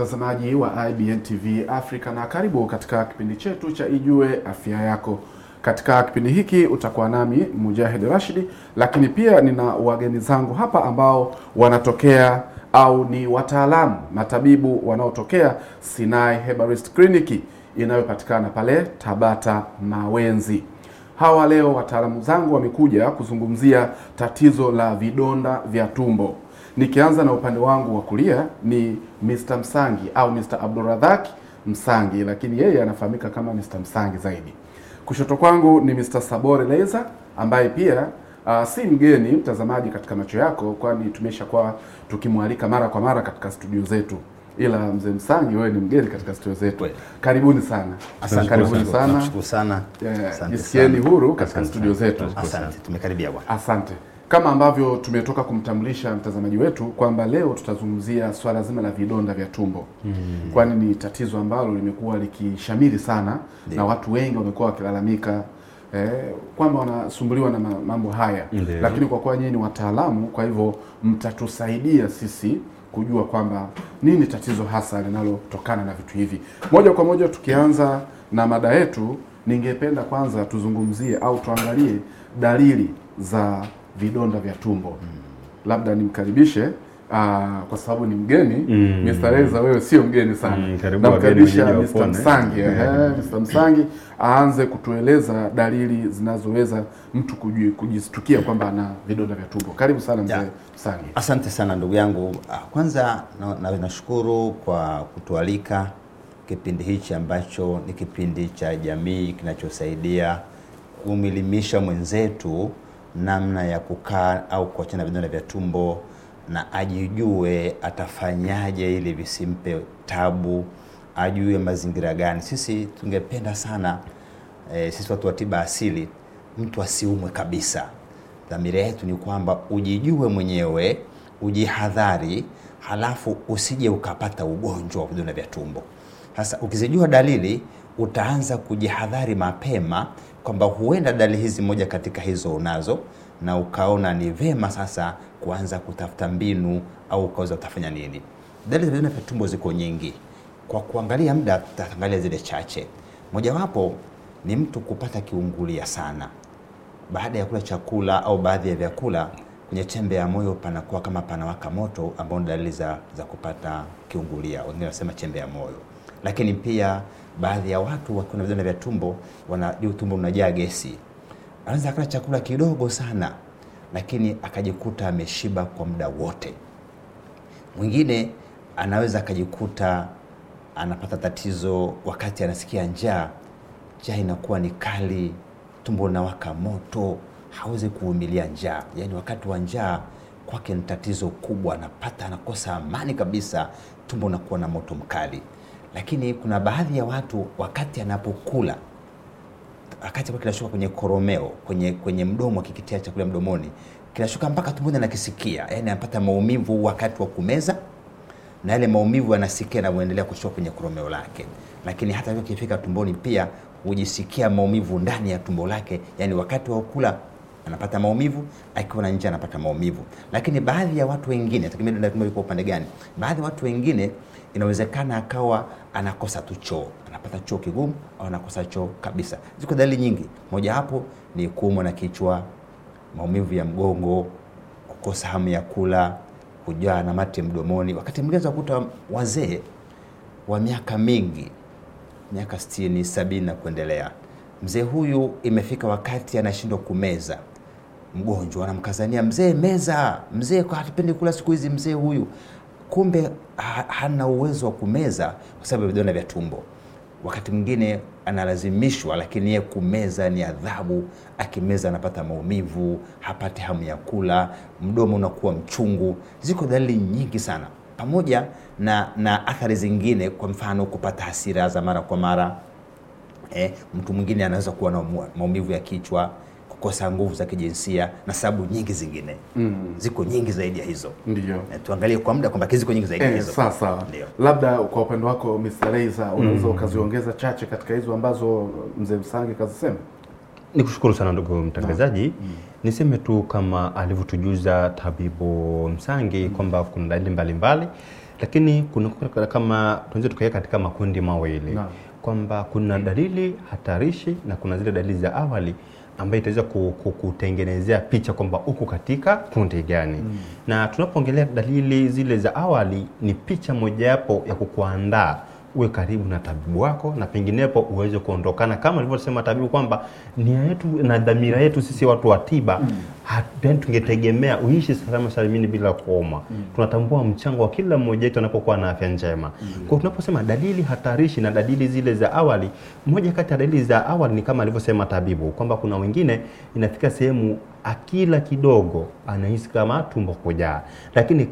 mtazamaji wa IBN TV Africa na karibu katika kipindi chetu cha Ijue Afya Yako. Katika kipindi hiki utakuwa nami Mujahid Rashidi, lakini pia nina wageni zangu hapa ambao wanatokea au ni wataalamu matabibu wanaotokea Sinai Herbalist Clinic inayopatikana pale Tabata Mawenzi. Hawa leo wataalamu zangu wamekuja kuzungumzia tatizo la vidonda vya tumbo. Nikianza na upande wangu wa kulia ni Mr. Msangi au Mr. Abdulrazak Msangi, lakini yeye anafahamika kama Mr. Msangi zaidi. Kushoto kwangu ni Mr. Sabore Leza ambaye pia Uh, si mgeni mtazamaji katika macho yako, kwani kwa tukimwalika mara kwa mara katika studio zetu, ila mzee Msangi, wewe ni mgeni katika studio zetu. Karibuni sana, asante, karibuni sana, tunashukuru sana, eh, jisikieni huru katika studio zetu. Asante, tumekaribia bwana, asante. Kama ambavyo tumetoka kumtambulisha mtazamaji wetu kwamba leo tutazungumzia swala zima la vidonda vya tumbo mm. kwani ni tatizo ambalo limekuwa likishamiri sana Deo. na watu wengi wamekuwa wakilalamika eh, kwamba wanasumbuliwa na mambo haya Deo. lakini kwa kuwa nyinyi ni wataalamu, kwa hivyo mtatusaidia sisi kujua kwamba nini tatizo hasa linalotokana na vitu hivi. Moja kwa moja tukianza na mada yetu, ningependa kwanza tuzungumzie au tuangalie dalili za vidonda vya tumbo mm. labda nimkaribishe Uh, kwa sababu ni mgeni mm. Mr. Reza wewe sio mgeni sana mm, namkaribisha Mr. Msangi eh, Mr. Msangi aanze kutueleza dalili zinazoweza mtu kujistukia kwamba ana vidonda vya tumbo. Karibu sana mzee Msangi. Asante sana ndugu yangu, ah, kwanza nashukuru na kwa kutualika kipindi hichi ambacho ni kipindi cha jamii kinachosaidia kumwelimisha mwenzetu namna ya kukaa au kuachana vidonda vya tumbo, na ajijue atafanyaje ili visimpe tabu, ajue mazingira gani. Sisi tungependa sana e, sisi watu wa tiba asili mtu asiumwe kabisa. Dhamira yetu ni kwamba ujijue mwenyewe, ujihadhari, halafu usije ukapata ugonjwa wa vidonda vya tumbo. Sasa ukizijua dalili, utaanza kujihadhari mapema kwamba huenda dalili hizi moja katika hizo unazo na ukaona ni vema sasa kuanza kutafuta mbinu au ukaweza utafanya nini. Dalili za vidonda vya tumbo ziko nyingi, kwa kuangalia muda tutaangalia zile chache. Mojawapo ni mtu kupata kiungulia sana baada ya kula chakula au baadhi ya vyakula, kwenye chembe ya moyo panakuwa kama panawaka moto, ambao ni dalili za, za kupata kiungulia, wengine wanasema chembe ya moyo, lakini pia baadhi ya watu wakiwa na vidonda vya tumbo wana tumbo unajaa gesi, anaweza akala chakula kidogo sana, lakini akajikuta ameshiba kwa muda wote. Mwingine anaweza akajikuta anapata tatizo wakati anasikia njaa, njaa inakuwa ni kali, tumbo linawaka moto, hawezi kuvumilia njaa. Yaani wakati wa njaa kwake ni tatizo kubwa, anapata anakosa amani kabisa, tumbo unakuwa na moto mkali lakini kuna baadhi ya watu wakati anapokula wakati chakula kinashuka kwenye koromeo kwenye, kwenye mdomo, akikitia chakula mdomoni kinashuka mpaka tumboni anakisikia, yani anapata maumivu wakati wa kumeza, na yale maumivu anasikia anavyoendelea kushuka kwenye koromeo lake. Lakini hata hivyo kifika tumboni pia hujisikia maumivu ndani ya tumbo lake, yani wakati wa kula anapata maumivu, akiwa na nje anapata maumivu. Lakini baadhi ya watu wengine, tegemea tumbo liko upande gani, baadhi ya watu wengine inawezekana akawa anakosa tu choo, anapata choo kigumu au anakosa choo kabisa. Ziko dalili nyingi, mojawapo ni kuumwa na kichwa, maumivu ya mgongo, kukosa hamu ya kula, kujaa na mate mdomoni. Wakati mwingine unakuta wazee wa miaka mingi, miaka 60, 70 na kuendelea, mzee huyu imefika wakati anashindwa kumeza mgonjwa anamkazania mzee, meza mzee, hatupendi kula siku hizi, mzee huyu kumbe ha, hana uwezo wa kumeza kwa sababu ya vidonda vya tumbo. Wakati mwingine analazimishwa, lakini yeye kumeza ni adhabu. Akimeza anapata maumivu, hapati hamu ya kula, mdomo unakuwa mchungu. Ziko dalili nyingi sana, pamoja na, na athari zingine, kwa mfano kupata hasira za mara kwa mara. Eh, mtu mwingine anaweza kuwa na maumivu ya kichwa kukosa nguvu za kijinsia na sababu nyingi zingine mm. Ziko nyingi zaidi ya hizo, ndio tuangalie kwa muda kwamba ziko nyingi zaidi ya eh, hizo. Sasa labda kwa upande wako Mr. Laizer, unaweza mm. ukaziongeza chache katika hizo ambazo mzee Msangi kazisema. Nikushukuru sana ndugu mtangazaji mm. Niseme tu kama alivyotujuza tabibu Msangi mm. kwamba kuna dalili mbalimbali, lakini kuna kama tunaweza tukaweka katika makundi mawili kwamba kuna mm. dalili hatarishi na kuna zile dalili za awali ambayo itaweza kutengenezea picha kwamba uko katika kundi gani. Mm. Na tunapoongelea dalili zile za awali, ni picha mojawapo ya kukuandaa uwe karibu na tabibu wako na penginepo uweze kuondokana, kama alivyosema tabibu kwamba nia yetu na dhamira yetu sisi watu wa tiba mm. tungetegemea uishi salama salimini bila kuoma mm. Tunatambua mchango wa kila mmoja wetu anapokuwa na afya njema mm. Kwa tunaposema dalili hatarishi na dalili zile za awali, moja kati ya dalili za awali ni kama alivyosema tabibu kwamba kuna wengine inafika sehemu akila kidogo anahisi kama tumbo kujaa, lakini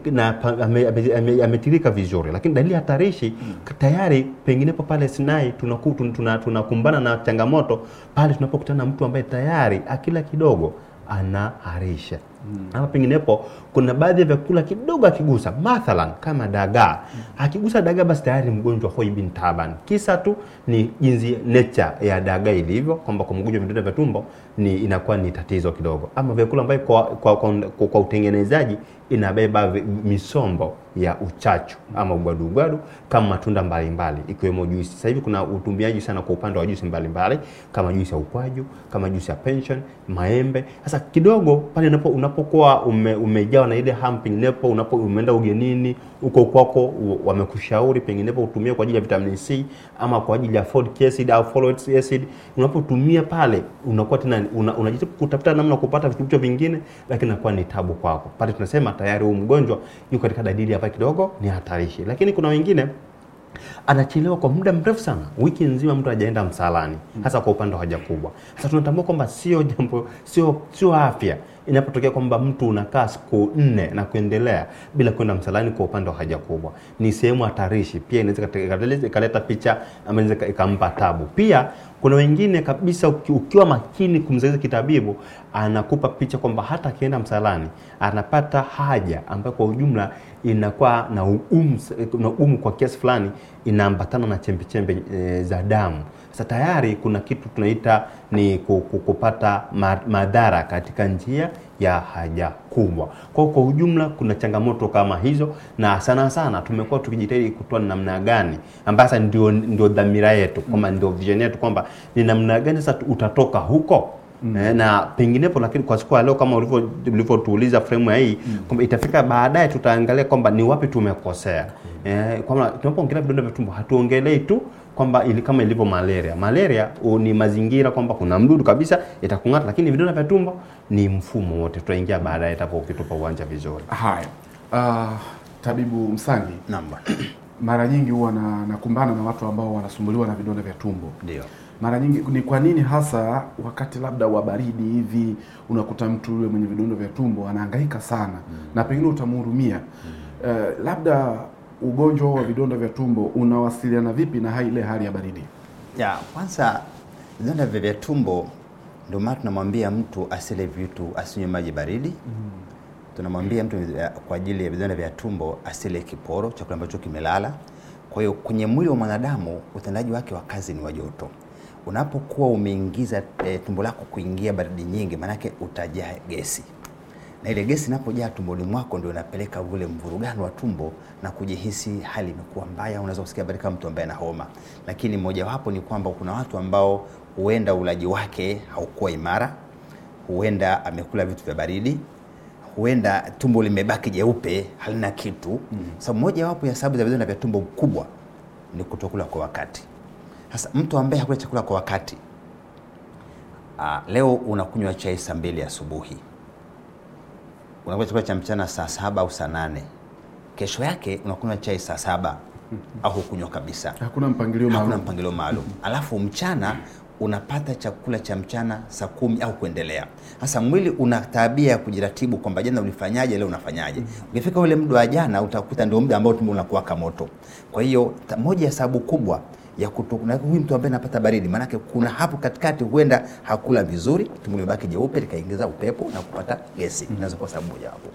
ametirika vizuri, lakini dalili hatarishi hmm. tayari penginepo pale Sinai tunakumbana tuna, tuna na changamoto pale tunapokutana na mtu ambaye tayari akila kidogo anaharisha mm. Ama penginepo kuna baadhi ya vyakula kidogo akigusa, mathalan kama dagaa mm. Akigusa dagaa basi tayari mgonjwa hoi bin taban. Kisa tu ni jinsi nature ya dagaa ilivyo, kwamba kwa mgonjwa vidonda vya tumbo ni inakuwa ni tatizo kidogo, ama vyakula ambavyo kwa, kwa, kwa, kwa, kwa utengenezaji inabeba misombo ya uchachu ama ugwadu ugwadu kama matunda mbalimbali ikiwemo juisi. Sasa hivi kuna utumiaji sana kwa upande wa juisi mbalimbali kama juisi ya ukwaju, kama juisi ya pension, maembe. Sasa kidogo pale unapo unapokuwa ume, umejawa na ile hamu penginepo, unapo umeenda ugenini uko kwako, wamekushauri penginepo utumie kwa ajili ya vitamin C ama kwa ajili ya folic acid au folate acid. Unapotumia pale unakuwa tena unajitupa una kutafuta namna kupata virutubisho vingine, lakini inakuwa ni tabu kwako. Pale tunasema tayari huyu mgonjwa yuko katika dalili ya hapa kidogo ni hatarishi, lakini kuna wengine anachelewa kwa muda mrefu sana, wiki nzima mtu hajaenda msalani, hmm. hasa kwa upande wa haja kubwa. Sasa tunatambua kwamba sio jambo, sio sio afya inapotokea kwamba mtu unakaa siku nne na kuendelea bila kwenda msalani kwa upande wa haja kubwa, ni sehemu hatarishi. Pia inaweza ikaleta picha ama inaweza ikampa tabu pia kuna wengine kabisa ukiwa makini kumzaliza kitabibu, anakupa picha kwamba hata akienda msalani anapata haja ambayo kwa ujumla inakuwa na ugumu um, kwa kiasi fulani, inaambatana na chembechembe e, za damu sa tayari kuna kitu tunaita ni kupata madhara katika njia ya haja kubwa. Kwa kwa ujumla, kuna changamoto kama hizo, na sana sana tumekuwa tukijitahidi kutoa ni namna gani ambasa, ndio ndio dhamira yetu, kama ndio vision yetu kwamba ni namna gani sasa utatoka huko mm. Eh, na penginepo, lakini kwa siku ya leo kama ulivyotuuliza frame ya hii mm. itafika baadaye, tutaangalia kwamba ni wapi tumekosea mm. eh, kwamba tunapoongelea vidonda vya tumbo hatuongelei tu kwamba ili kama ilivyo malaria. Malaria ni mazingira kwamba kuna mdudu kabisa itakung'ata, lakini vidonda vya tumbo ni mfumo wote, tutaingia baadaye itapo ukitupa uwanja vizuri. Haya, uh, tabibu Msangi namba mara nyingi huwa nakumbana na watu ambao wanasumbuliwa na vidonda vya tumbo ndio mara nyingi ni kwa nini hasa wakati labda wa baridi hivi unakuta mtu yule mwenye vidonda vya tumbo anahangaika sana mm. na pengine utamhurumia mm. uh, labda ugonjwa wa vidonda vya tumbo unawasiliana vipi na ile hali ya baridi? Ya, kwanza vidonda vya tumbo ndio maana tunamwambia mtu asile vitu, asinywe maji baridi mm. tunamwambia mtu eh, kwa ajili ya vidonda vya tumbo asile kiporo, chakula ambacho kimelala. Kwa hiyo kwenye mwili wa mwanadamu utendaji wake wa kazi ni wa joto unapokuwa umeingiza e, tumbo lako kuingia baridi nyingi, maanake utajaa gesi, na ile gesi inapojaa tumboni mwako ndio inapeleka ule mvurugano wa tumbo na kujihisi hali imekuwa mbaya. Unaweza kusikia habari kama mtu ambaye ana homa, lakini mojawapo ni kwamba kuna watu ambao huenda ulaji wake haukuwa imara, huenda amekula vitu vya baridi huenda tumbo limebaki jeupe halina kitu. mm -hmm. Sababu mojawapo ya sababu za vidonda vya tumbo kubwa ni kutokula kwa wakati. Sasa mtu ambaye hakula chakula kwa wakati aa, ah, leo unakunywa chai saa mbili asubuhi, unakunywa chakula cha mchana saa saba au saa nane kesho yake unakunywa chai saa saba au hukunywa kabisa, hakuna mpangilio maalum, hakuna mpangilio maalum. Hmm. Alafu mchana unapata chakula cha mchana saa kumi au kuendelea. Sasa mwili una tabia ya kujiratibu kwamba jana ulifanyaje, leo unafanyaje. Hmm. Ukifika ule muda wa jana utakuta ndio muda ambao tumbo unakuwa moto. Kwa hiyo moja ya sababu kubwa ya kutokuna huyu mtu ambaye anapata baridi, maanake kuna hapo katikati huenda hakula vizuri, tumbo limebaki jeupe likaingiza upepo na kupata gesi mm. Inaweza kuwa sababu moja hapo,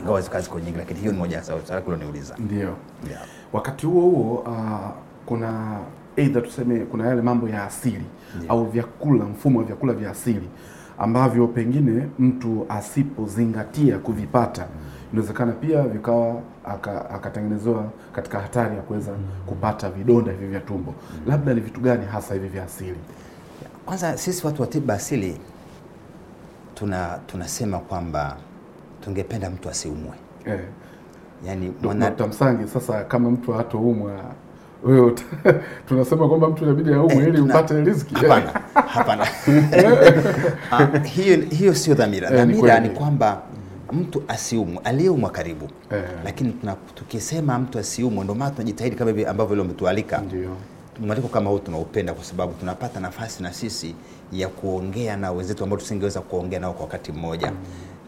ingawa kwa nyingi, lakini hiyo ni moja ya sababu ulioniuliza. Ndio yeah. Wakati huo huo uh, kuna aidha tuseme kuna yale mambo ya asili yeah. au vyakula, mfumo wa vyakula vya asili ambavyo pengine mtu asipozingatia kuvipata mm inawezekana pia vikawa akatengenezewa aka katika hatari ya kuweza kupata vidonda hivi vya tumbo. Labda ni vitu gani hasa hivi vya asili? Kwanza sisi watu wa tiba asili tuna tunasema kwamba tungependa mtu asiumwe eh. Yani, mwana... Msangi, sasa kama mtu hatoumwa wewe tunasema kwamba mtu inabidi eh, aumwe eh, ili tuna... upate riziki. Hapana, hapana ah, hiyo hiyo sio dhamira. Dhamira eh, ni kwamba mtu asiumwe, aliyeumwa karibu eh. Lakini tukisema mtu asiumwe, ndio maana tunajitahidi kama hivi ambavyo leo umetualika, ndio mwaliko kama huu tunaupenda kwa sababu tunapata nafasi na sisi ya kuongea na wenzetu ambao tusingeweza kuongea nao kwa wakati mmoja mm.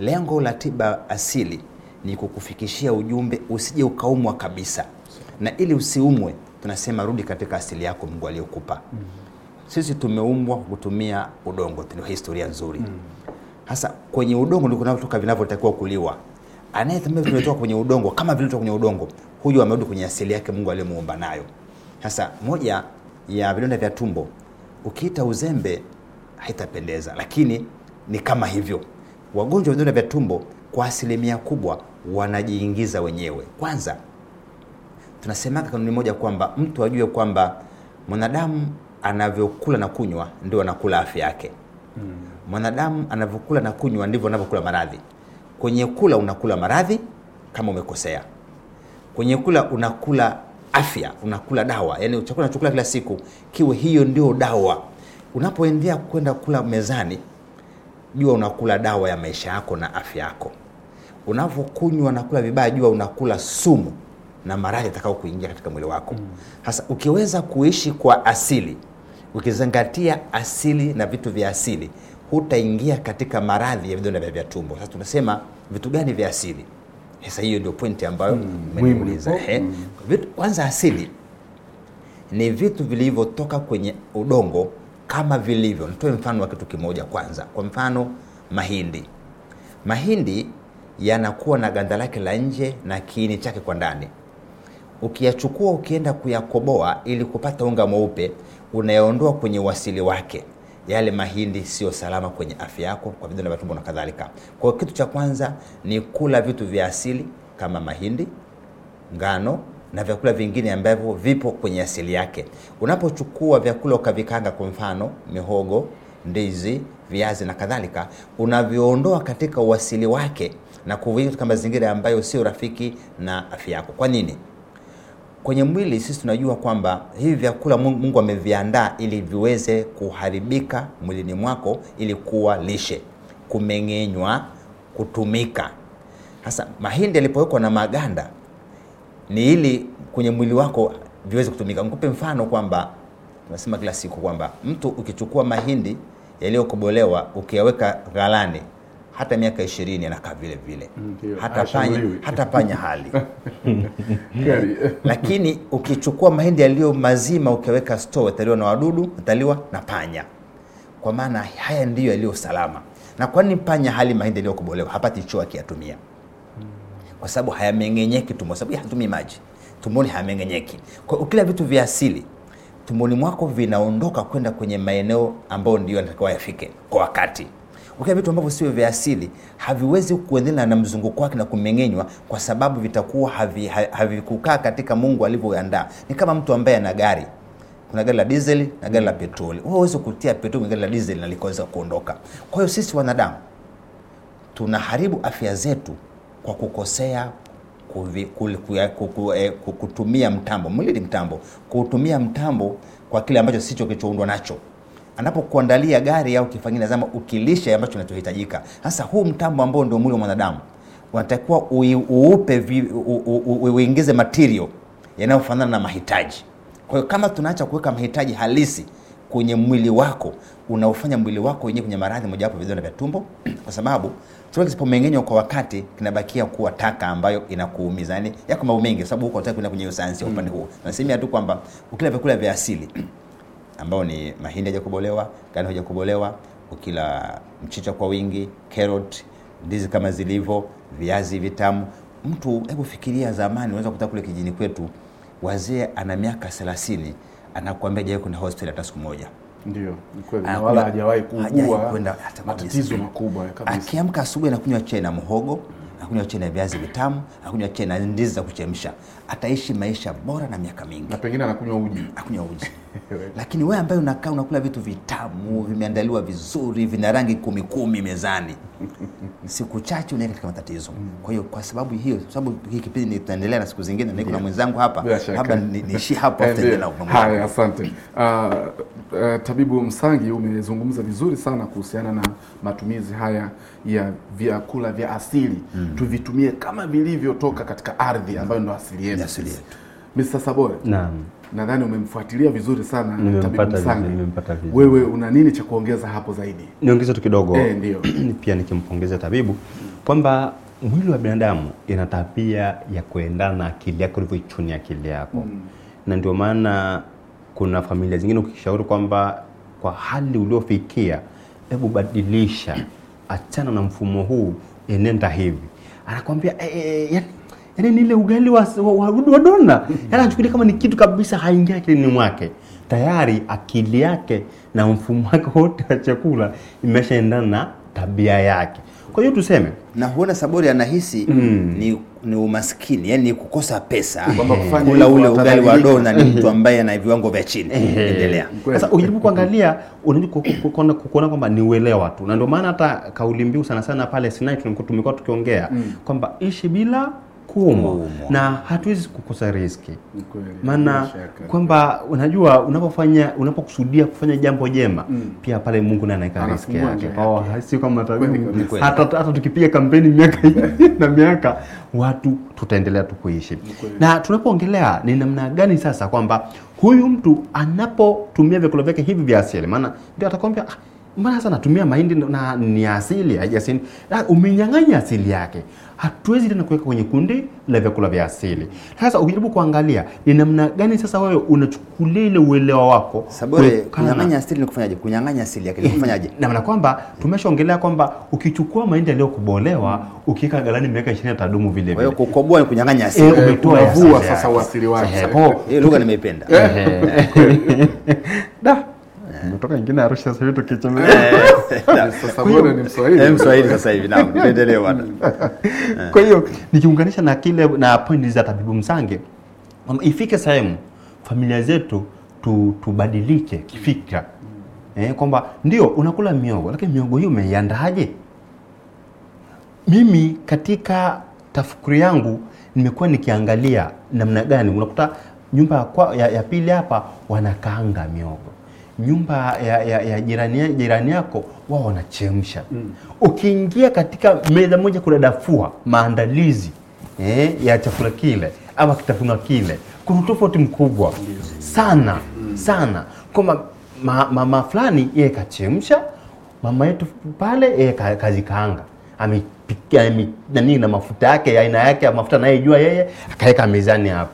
Lengo la tiba asili ni kukufikishia ujumbe usije ukaumwa kabisa, na ili usiumwe tunasema rudi katika asili yako Mungu aliyokupa. mm. Sisi tumeumbwa kutumia udongo, tuna historia nzuri mm hasa kwenye udongo ndiko kunapotoka vinavyotakiwa kuliwa. Anayethamia vinavyotoka kwenye udongo kama vinavyotoka kwenye udongo, huyu amerudi kwenye asili yake Mungu aliyemuumba nayo. Sasa moja ya vidonda vya tumbo ukiita uzembe haitapendeza, lakini ni kama hivyo. Wagonjwa wa vidonda vya tumbo kwa asilimia kubwa wanajiingiza wenyewe. Kwanza tunasemaga kanuni moja kwamba mtu ajue kwamba mwanadamu anavyokula na kunywa ndio anakula afya yake. Hmm mwanadamu anavyokula na kunywa ndivyo anavyokula maradhi. Kwenye kula unakula maradhi kama umekosea, kwenye kula unakula afya, unakula dawa, yani chakula unachokula kila siku kiwe hiyo ndio dawa. Unapoendea kwenda kula mezani, jua unakula dawa ya maisha yako na afya yako. Unavyokunywa na kula vibaya, jua unakula sumu na maradhi atakao kuingia katika mwili wako. Mm. Sasa mm. ukiweza kuishi kwa asili, ukizingatia asili na vitu vya asili hutaingia katika maradhi ya vidonda vya tumbo. Sasa tunasema vitu gani vya asili? Eh, sasa hiyo ndio pointi ambayo mmeniuliza. Oh, eh. Mm, vitu kwanza asili ni vitu vilivyotoka kwenye udongo kama vilivyo. Nitoe mfano wa kitu kimoja kwanza. Kwa mfano mahindi, mahindi yanakuwa na ganda lake la nje na kiini chake kwa ndani. Ukiyachukua ukienda kuyakoboa ili kupata unga mweupe, unayaondoa kwenye uasili wake yale mahindi sio salama kwenye afya yako kwa vidonda vya tumbo na kadhalika. Kwa hiyo kitu cha kwanza ni kula vitu vya asili kama mahindi, ngano na vyakula vingine ambavyo vipo kwenye asili yake. Unapochukua vyakula ukavikanga, kwa mfano mihogo, ndizi, viazi na kadhalika, unavyoondoa katika uasili wake na kuviweka katika mazingira ambayo sio rafiki na afya yako. Kwa nini? kwenye mwili sisi tunajua kwamba hivi vyakula Mungu ameviandaa ili viweze kuharibika mwilini mwako ili kuwa lishe, kumeng'enywa, kutumika. Sasa mahindi yalipowekwa na maganda ni ili kwenye mwili wako viweze kutumika. Nikupe mfano kwamba tunasema kila siku kwamba mtu ukichukua mahindi yaliyokobolewa ukiyaweka ghalani hata miaka ishirini anakaa vile vile mm, hata ah, panya, hata panya hali lakini ukichukua mahindi yaliyo mazima ukiweka store wataliwa na wadudu wataliwa na panya kwa maana haya ndiyo yaliyo salama na kwa nini panya hali mahindi yaliyokobolewa hapati choo akiyatumia mm. kwa sababu hayameng'enyeki tumbo sababu hatumii maji tumboni hayameng'enyeki kwa ukila vitu vya asili tumboni mwako vinaondoka kwenda kwenye maeneo ambayo ndio yanatakiwa yafike kwa wakati ukiwa vitu ambavyo sio vya asili haviwezi kuendelea na mzunguko wake na kumeng'enywa, kwa sababu vitakuwa havikukaa havi katika Mungu alivyoandaa. Ni kama mtu ambaye ana gari kuna gari la diesel na gari la petroli. Wewe uweze kutia petroli kwenye gari la diesel na likaweza kuondoka. Kwa hiyo sisi wanadamu tunaharibu afya zetu kwa kukosea kuvi, kuya, kuku, eh, kutumia mtambo. Mwili ni mtambo, kutumia mtambo kwa kile ambacho sicho kilichoundwa nacho anapokuandalia gari au kifaa kingine, lazima ukilishe ambacho kinachohitajika. Sasa huu mtambo ambao ndio mwili wa mwanadamu unatakiwa uupe, uingize material yanayofanana na mahitaji. Kwa hiyo kama tunaacha kuweka mahitaji halisi kwenye mwili wako, unaofanya mwili wako wenyewe kwenye maradhi, mojawapo vidonda vya tumbo, kwa sababu chakula kisipomeng'enywa kwa wakati kinabakia kuwa taka ambayo inakuumiza. Yani yako mambo mengi, sababu huko unataka kwenda kwenye sayansi ya upande huo, nasemea tu kwamba ukila vyakula vya asili ambao ni mahindi hajakobolewa, ngano hajakobolewa, ukila mchicha kwa wingi, carrot, ndizi kama zilivyo, viazi vitamu. Mtu hebu fikiria, zamani unaweza kukuta kule kijini kwetu wazee ana miaka 30 anakuambia hajawahi kwenda hospitali hata siku moja. Ndio, ni kweli, ah, wala hajawahi kuugua matatizo makubwa kabisa. Akiamka asubuhi anakunywa chai na muhogo hakuna ache na viazi vitamu, hakuna ache na ndizi za kuchemsha, ataishi maisha bora na miaka mingi, na pengine anakunywa uji, akunywa uji lakini wewe ambaye unakaa unakula vitu vitamu vimeandaliwa vizuri, vina rangi kumi kumi mezani, siku chache unaika katika matatizo. Mm. Kwa hiyo kwa sababu hiyo, sababu hii kipindi nitaendelea na siku zingine, niko na mwenzangu hapa, labda niishie hapo. Eh, asante. Ah, uh, Tabibu Msangi umezungumza vizuri sana kuhusiana na matumizi haya ya vyakula vya asili mm. tuvitumie kama vilivyotoka katika ardhi ambayo ndo asili yetu. Asili yetu. Mr. Sabore. Naam. Nadhani umemfuatilia vizuri sana Tabibu Msangi. Nimempata vizuri. Wewe una nini cha kuongeza hapo zaidi? Niongeze tu kidogo. Eh, ndio. Pia nikimpongeza Tabibu kwamba mwili wa binadamu ina tabia ya kuendana na akili yako ulivyoichunia akili yako mm. na ndio maana kuna familia zingine ukishauri kwamba kwa hali uliofikia, hebu badilisha, achana na mfumo huu, enenda eh, hivi, anakwambia e, e, yani, yani ni ile ugali wa, wa, wa, wa dona yani anachukulia kama ni kitu kabisa, haingia akilini mwake tayari, akili yake na mfumo wake wote wa chakula imeshaendana na tabia yake. Kwa hiyo tuseme, na huona Saburi anahisi mm. ni ni umaskini, yani kukosa pesa. Kula ule ugali wa dona ni mtu ambaye ana viwango vya chini. Endelea sasa, ujaribu kuangalia, unaona kuona kwamba ni uelewa tu, na ndio maana hata kauli mbiu sana sana pale Sinai tumekuwa tukiongea mm. kwamba ishi bila kuumwa na hatuwezi kukosa riski, maana kwamba unajua unapofanya unapokusudia kufanya jambo jema mm. pia pale Mungu naye anaweka riski yake, sio kama hata tukipiga kampeni miaka na miaka watu tutaendelea tu kuishi. Na tunapoongelea ni namna gani sasa kwamba huyu mtu anapotumia vyakula vyake hivi vya asili, maana ndio atakwambia ah, mbona sasa natumia mahindi na ni asili haijasin, umenyang'anya asili yake. Hatuwezi tena kuweka kwenye kundi la vyakula vya asili. Sasa ukijaribu kuangalia ni namna gani sasa wewe unachukulia ile uelewa wako. Sabore, kunyang'anya asili ni kufanyaje? Kunyang'anya asili yake ni eh, kufanyaje? Na maana kwamba tumeshaongelea kwamba ukichukua mahindi yaliyokobolewa ukiweka galani miaka 20 tadumu vile vile. Kwa hiyo kukoboa ni kunyang'anya asili. Eh, eh umetoa vua sasa uasili wake. Hiyo eh, lugha nimeipenda. Da umetoka ingine Arusha sasa hivi tukitembelea eh, eh, sasa ni Mswahili eh, Mswahili sasa hivi naam bwana kwa hiyo nikiunganisha na kile na pointi za tabibu Msange ifike sehemu familia zetu tu, tubadilike kifikra mm. eh, kwamba ndio unakula miogo lakini miogo hiyo umeiandaje mimi katika tafukuri yangu nimekuwa nikiangalia namna gani unakuta nyumba ya, ya, ya pili hapa wanakaanga miogo nyumba ya, ya, ya jirani, jirani yako wao wanachemsha mm. Ukiingia katika meza moja kudadafua maandalizi eh, ya chakula kile ama kitafunwa kile, kuna tofauti mkubwa sana mm. sana kwamba ma, mama fulani yeye kachemsha, mama yetu pale yeye kazikaanga amepikia nani na mafuta yake aina yake mafuta anayejua yeye akaweka mezani hapo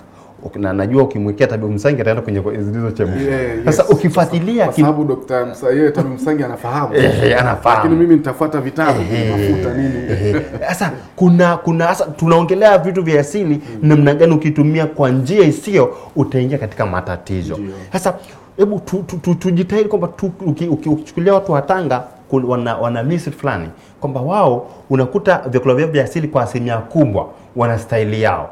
na najua ukimwekea Tabibu Msangi ataenda kwenye zilizochemshwa. Yeah, yes. Sasa ukifuatilia kwa sababu Dr. Msa, yeye Tabibu Msangi anafahamu. Eh, eh, anafahamu. Lakini mimi nitafuata vitabu eh, eh mafuta nini. Eh, sasa kuna kuna sasa tunaongelea vitu vya asili mm. namna gani ukitumia kwa njia isiyo utaingia katika matatizo. Sasa hebu tujitahidi tu, tu, tu, kwamba ukichukulia watu wa Tanga wana, wana misri fulani kwamba wao unakuta vyakula vyao vya asili kwa asilimia kubwa wana staili yao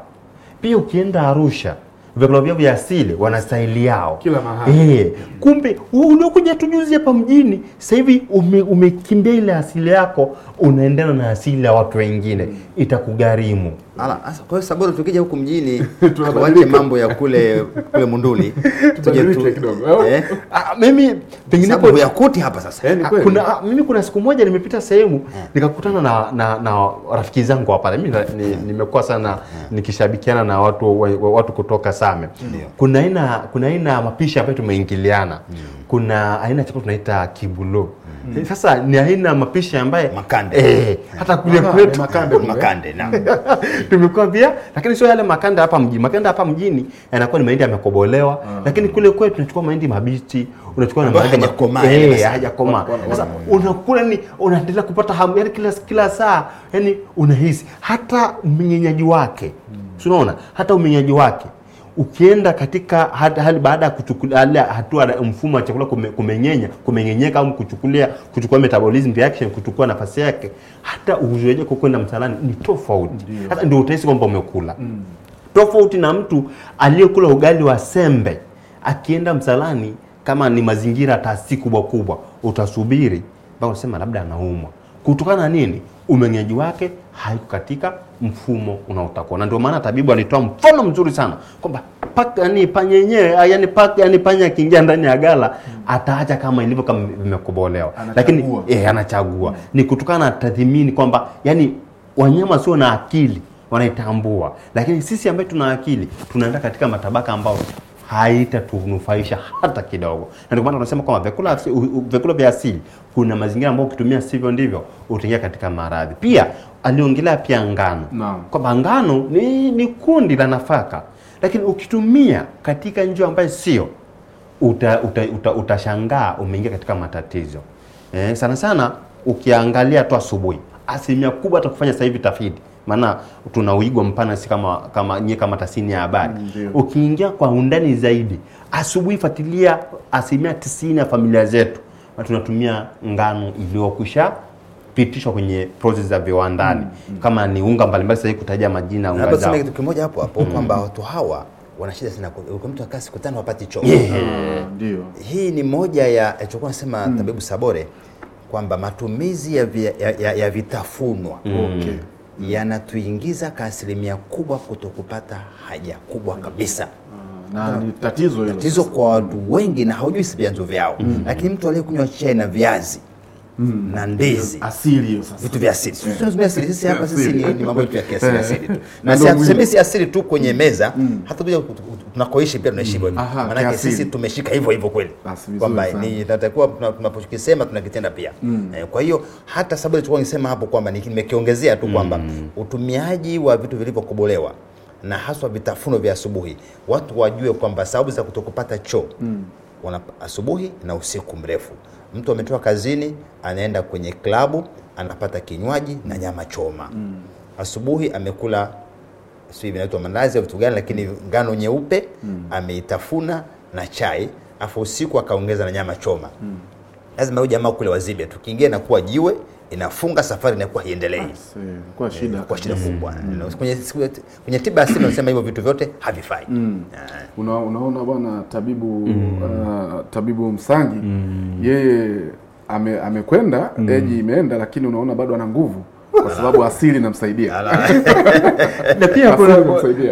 pia ukienda Arusha vyakula vyao vya asili wana staili yao kila mahali. E, kumbe uliokuja tu juzi hapa mjini sasa hivi ume, umekimbia ile asili yako unaendana na asili ya watu wengine, itakugharimu. Ala, asa, ah, kwa hiyo Sabora tukija huku mjini tuache mambo ya kule kule Munduli tuje tu kidogo. Eh? eh? Ah, mimi pengine kwa ya kuti hapa sasa. Eh, ha, ah, kuna ah, mimi kuna siku moja nimepita sehemu eh. nikakutana na na, na rafiki zangu hapa. Mimi ni, eh. nimekuwa sana eh. nikishabikiana na watu watu kutoka Same. Ndiyo. Kuna aina kuna aina mapishi ambayo tumeingiliana. Kuna aina chakula tunaita Mm. Mm. Eh, sasa ni aina mapishi ambaye makande. Eh, hata kule kwetu makande makande na tumekuwa pia, lakini sio yale makande hapa mjini. Makande hapa mjini yanakuwa ni mahindi yamekobolewa, mm. lakini kule kwetu tunachukua mahindi mabichi, unachukua na mahindi yakoma Eh, hayakoma. Sasa unakula ni unaendelea kupata hamu, yani kila kila saa, yani unahisi hata mnyenyaji wake. Mm. Unaona? Hata umenyaji wake ukienda katika hali baada ya kuchukulia hatua mfumo wa chakula kumenyenya kumenyenyeka au kuchukulia kuchukua metabolism reaction kuchukua nafasi yake, hata uzoeje kwa kwenda msalani ni tofauti. Sasa ndio utahisi kwamba umekula mm. tofauti na mtu aliyekula ugali wa sembe akienda msalani, kama ni mazingira taasisi kubwa kubwa, utasubiri mpaka unasema labda anaumwa kutokana na nini, umengenyaji wake haikukatika mfumo unaotakuwa na ndio maana tabibu alitoa mfano mzuri sana kwamba paka yani panyenyewe ah, yani paka yani panya akiingia ndani ya gala ataacha kama ilivyo kama vimekobolewa lakini eh, anachagua mm. ni kutokana na tathmini kwamba yani wanyama sio na akili wanaitambua lakini sisi ambaye tuna akili tunaenda katika matabaka ambayo haitatunufaisha hata kidogo na ndio maana tunasema kwamba vyakula vyakula vya asili kuna mazingira ambayo ukitumia sivyo ndivyo utaingia katika maradhi. Pia aliongelea pia ngano no. kwamba ngano ni, ni kundi la nafaka, lakini ukitumia katika njia ambayo sio utashangaa uta, uta, uta umeingia katika matatizo eh, sana sana ukiangalia tu asubuhi, asilimia kubwa atakufanya sasa hivi tafiti maana tuna uigo mpana si kama kama nyie kama tasini ya habari. Ukiingia kwa undani zaidi, asubuhi fuatilia asilimia tisini ya familia zetu na tunatumia ngano iliyokwisha pitishwa kwenye process za viwandani mm. mm. kama ni unga mbalimbali, sasa kutaja majina unga zao. Kitu kimoja hapo hapo mm. kwamba watu hawa wana shida sana, mtu akaa siku tano hapati choo. Ah, ndio hii ni moja ya chokuwa eh, nasema mm. Tabibu Sabore kwamba matumizi ya, via, ya, ya, ya vitafunwa mm. okay yanatuingiza ka asilimia kubwa kutokupata haja kubwa kabisa na ni tatizo hilo, tatizo kwa watu wengi na hawajui si vyanzo vyao mm. Lakini mtu aliyekunywa chai na viazi mm. na ndizi asili, hiyo sasa vitu vya asili yeah. Sisi hapa sisi ni mambo yetu ya kiasili asili tu, na tuseme si asili tu kwenye mm. meza mm. hata tuja tunakoishi pia tunaishi hivyo, mm. maanake sisi tumeshika hivyo hivyo kweli, kwamba ni tatakuwa tunapokisema tunakitenda pia mm. Eh, kwa hiyo hata sababu ilichokuwa nisema hapo kwamba nimekiongezea tu kwamba mm. utumiaji wa vitu vilivyokobolewa na haswa vitafuno vya asubuhi, watu wajue kwamba sababu za kutokupata choo mm. wana asubuhi na usiku mrefu. Mtu ametoka kazini anaenda kwenye klabu anapata kinywaji na nyama choma mm. asubuhi amekula sijui vinaitwa mandazi au vitu gani, lakini ngano nyeupe mm. ameitafuna na chai, afu usiku akaongeza na nyama choma mm. lazima huyu jamaa kule wazibe, tukiingia na kuwa jiwe inafunga safari inakuwa haiendelei ah, kwa eh, shida, kwa shida mm. kubwa mm. kwenye, kwenye tiba asili nasema hivyo vitu vyote havifai mm. Eh. Una, unaona bwana tabibu mm. uh, tabibu Msangi mm. yeye ame, amekwenda mm. eji imeenda, lakini unaona bado ana nguvu kwa sababu asili inamsaidia na pia kuna,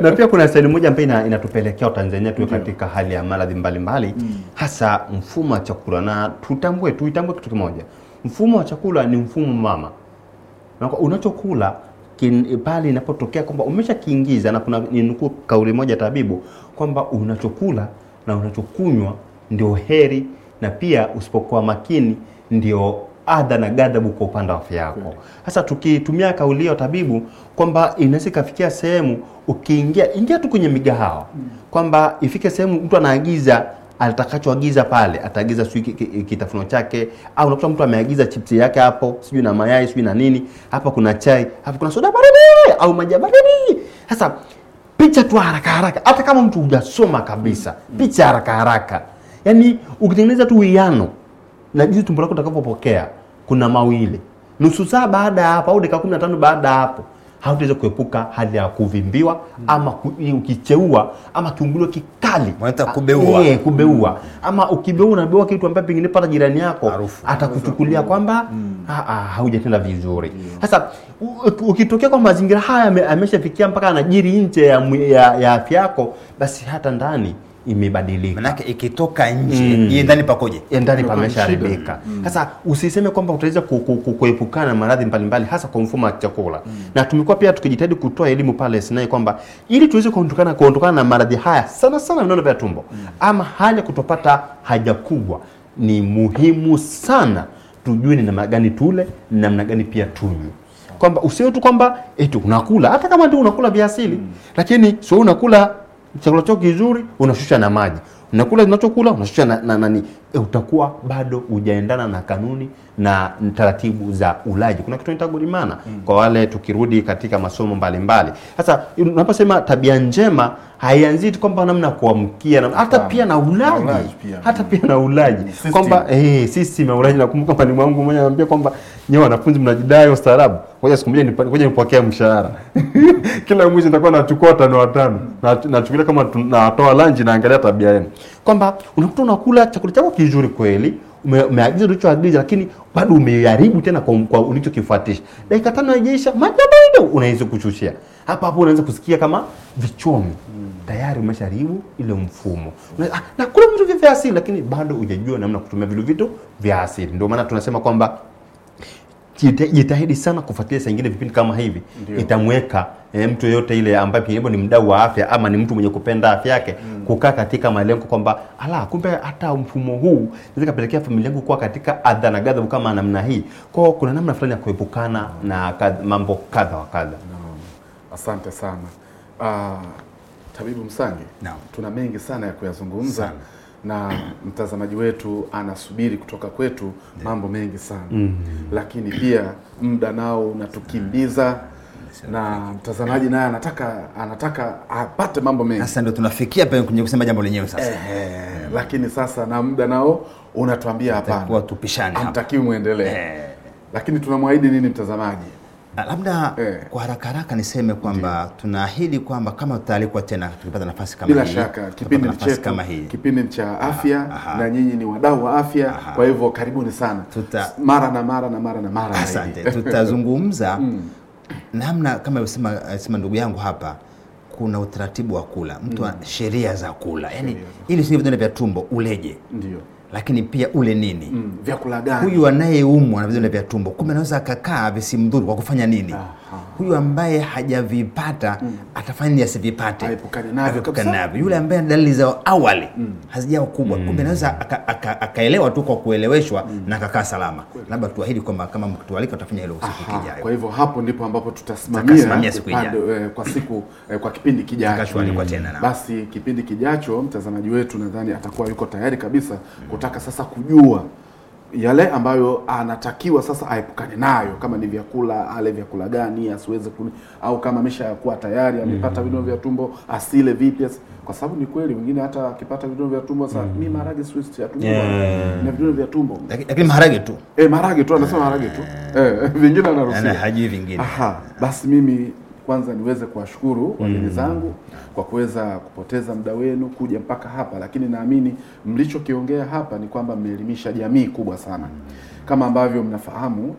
na pia kuna staili moja ambayo inatupelekea Tanzania tuwe katika hali ya maradhi mbalimbali mm. hasa mfumo wa chakula, na tutambue tuitambue kitu kimoja Mfumo wa chakula ni mfumo mama, na unachokula pale inapotokea kwamba umeshakiingiza, na kuna ninukuu kauli moja tabibu kwamba unachokula na unachokunywa ndio heri, na pia usipokuwa makini ndio adha na ghadhabu kwa upande wa afya yako. Sasa tukitumia kauli hiyo tabibu kwamba inaweza ikafikia sehemu ukiingia ingia tu kwenye migahawa kwamba ifike sehemu mtu anaagiza atakachoagiza pale ataagiza sijui kitafuno chake, au unakuta mtu ameagiza chipsi yake hapo, sijui na mayai, sijui na nini, hapa kuna chai, hapa kuna soda baridi au maji baridi. Sasa picha tu haraka haraka, hata kama mtu hujasoma kabisa, picha haraka haraka, yani ukitengeneza tu uwiano na jinsi tumbo lako utakapopokea, kuna mawili nusu saa baada ya hapo au dakika 15 baada ya hapo hautaweza kuepuka hali ya kuvimbiwa mm. ama ukicheua ama kiungulio kikali Mwata kubeua, e, kubeua. Mm. ama ukibeua unabeua kitu ambacho pengine pata jirani yako atakuchukulia kwamba mm. Ah, ah, haujatenda vizuri mm. sasa yeah. ukitokea kwa mazingira haya ameshafikia mpaka anajiri nje ya, ya, ya afya yako basi hata ndani imebadilika, manake ikitoka nje mm. ndani pakoje? Ndani pameshaharibika. Mm. Sasa mm. usiseme kwamba utaweza kuepukana na maradhi mbalimbali, hasa kwa mfumo wa chakula mm. na tumekuwa pia tukijitahidi kutoa elimu pale sinai kwamba ili tuweze kuondokana kuondokana na maradhi haya sana sana vinono vya tumbo mm. ama hali ya kutopata haja kubwa, ni muhimu sana tujue ni namna gani tule, ni namna gani pia tunywe kwamba usio tu kwamba eti unakula hata kama ndio unakula vya asili mm. lakini sio unakula chakula chako kizuri, unashusha na maji, unakula unachokula unashusha na, na, na, Eh, utakuwa bado hujaendana na kanuni na taratibu za ulaji. Kuna kitu inaitwa mm. Kwa wale tukirudi katika masomo mbalimbali sasa mbali. Unaposema tabia njema haianzii tu kwamba namna kuamkia na hata pia na ulaji, ulaji pia. Hata pia na ulaji mm. kwamba eh, eh sisi na ulaji. Nakumbuka mwalimu wangu mmoja ananiambia kwamba nyewe wanafunzi mnajidai ustaarabu, ngoja siku moja nipokea nipokee mshahara kila mwezi nitakuwa nachukua tano watano na nachukulia kama tunatoa lunch, naangalia tabia yenu kwamba unakuta unakula chakula chako kizuri kweli ume, umeagiza ulichoagiza, lakini bado umeharibu tena kwa, kwa ulichokifuatisha. Dakika tano ajeisha maji bado unaweza kushushia hapo hapo, unaanza kusikia kama vichomi mm. tayari umesharibu ile mfumo na, ah, na kula vitu vya asili, lakini bado hujajua namna kutumia vile vitu vya asili. Ndio maana tunasema kwamba jitahidi sana kufuatilia saa ingine vipindi kama hivi itamweka e, mtu yeyote ile ambaye pengine ni mdau wa afya ama ni mtu mwenye kupenda afya yake mm. kukaa katika malengo kwamba ala kumbe hata mfumo huu naweza kapelekea familia yangu kuwa katika adha na ghadhabu kama namna hii kwao kuna namna fulani ya kuepukana mm. na kadha, mambo kadha wa kadha no. asante sana uh, tabibu msangi no. tuna mengi sana ya kuyazungumza sana na mtazamaji wetu anasubiri kutoka kwetu mambo mengi sana mm -hmm. Lakini pia muda nao unatukimbiza na mtazamaji naye anataka anataka apate mambo mengi. Sasa ndio tunafikia kwenye kusema jambo lenyewe sasa eh, Lakini sasa na muda nao unatuambia hapana, tupishane, hamtakiwi muendelee eh. Lakini tunamwahidi nini mtazamaji? Ah, labda eh, kwa haraka haraka niseme kwamba tunaahidi kwamba kama tutaalikwa tena tukipata nafasi kama bila hii, shaka kipindi chetu kama hii kipindi cha afya aha, na nyinyi ni wadau wa afya aha. Kwa hivyo karibuni sana tuta, mara na mara na mara na mara. Asante, tutazungumza mm. namna kama alivyosema sema ndugu yangu hapa kuna utaratibu wa kula mtu mm. sheria za kula, yani ili sivyo vidonda vya tumbo uleje, ndio lakini pia ule nini mm, vyakula gani huyu anayeumwa na vidonda vya tumbo, kumbe anaweza akakaa visimdhuru kwa kufanya nini ah huyu ambaye hajavipata mm. atafanya asivipate, aepukane navyo. Yule ambaye dalili za awali mm. hazijawa kubwa mm. kumbe anaweza akaelewa tu kwa kueleweshwa mm. na akakaa salama. Labda tuahidi kwamba kama mkitualika utafanya hilo siku kijayo. Kwa hivyo hapo ndipo ambapo tutasimamia siku ijayo eh, kwa siku eh, kwa kipindi kijacho mm. tena na. Basi kipindi kijacho mtazamaji wetu nadhani atakuwa yuko tayari kabisa mm. kutaka sasa kujua yale ambayo anatakiwa sasa aepukane nayo, kama ni vyakula, ale vyakula gani asiweze kuni, au kama kuwa tayari amepata mm vidonda vya tumbo asile vipi, kwa sababu ni kweli wengine hata akipata vidonda vya tumbo sasa, mimi mm. maharage siwezi ya tumbo yeah. na vidonda vya tumbo lakini maharage tu eh, maharage tu anasema maharage tu eh, eh vingine anaruhusiwa yaani hajui vingine. Aha, basi mimi kwanza niweze kuwashukuru wageni mm. zangu kwa kuweza kupoteza muda wenu kuja mpaka hapa, lakini naamini mlichokiongea hapa ni kwamba mmeelimisha jamii kubwa sana. Kama ambavyo mnafahamu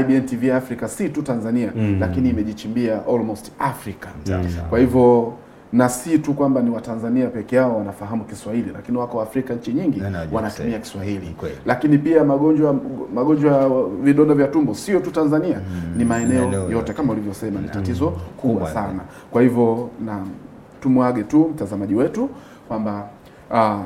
IBN TV Africa si tu Tanzania mm -hmm. lakini imejichimbia almost Africa Kwa hivyo na si tu kwamba ni Watanzania peke yao wanafahamu Kiswahili, lakini wako Afrika nchi nyingi wanatumia Kiswahili Kwe. Lakini pia magonjwa magonjwa ya vidonda vya tumbo sio tu Tanzania mm, ni maeneo yote kama ulivyosema, ni mm, tatizo kubwa sana. Kwa hivyo na tumwage tu mtazamaji wetu kwamba uh,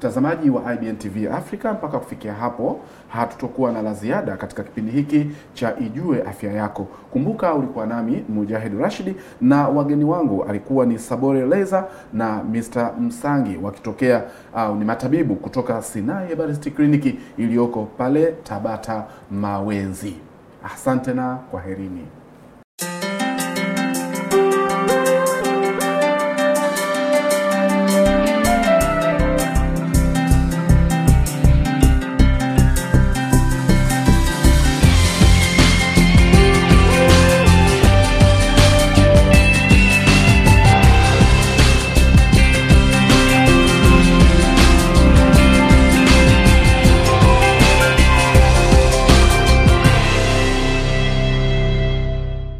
mtazamaji wa IBN TV Africa, mpaka kufikia hapo hatutokuwa na la ziada katika kipindi hiki cha Ijue Afya Yako. Kumbuka ulikuwa nami Mujahid Rashidi na wageni wangu alikuwa ni Sabore Leza na Mr. Msangi wakitokea uh, ni matabibu kutoka Sinai baristi Kliniki iliyoko pale Tabata Mawenzi. Asante na kwaherini.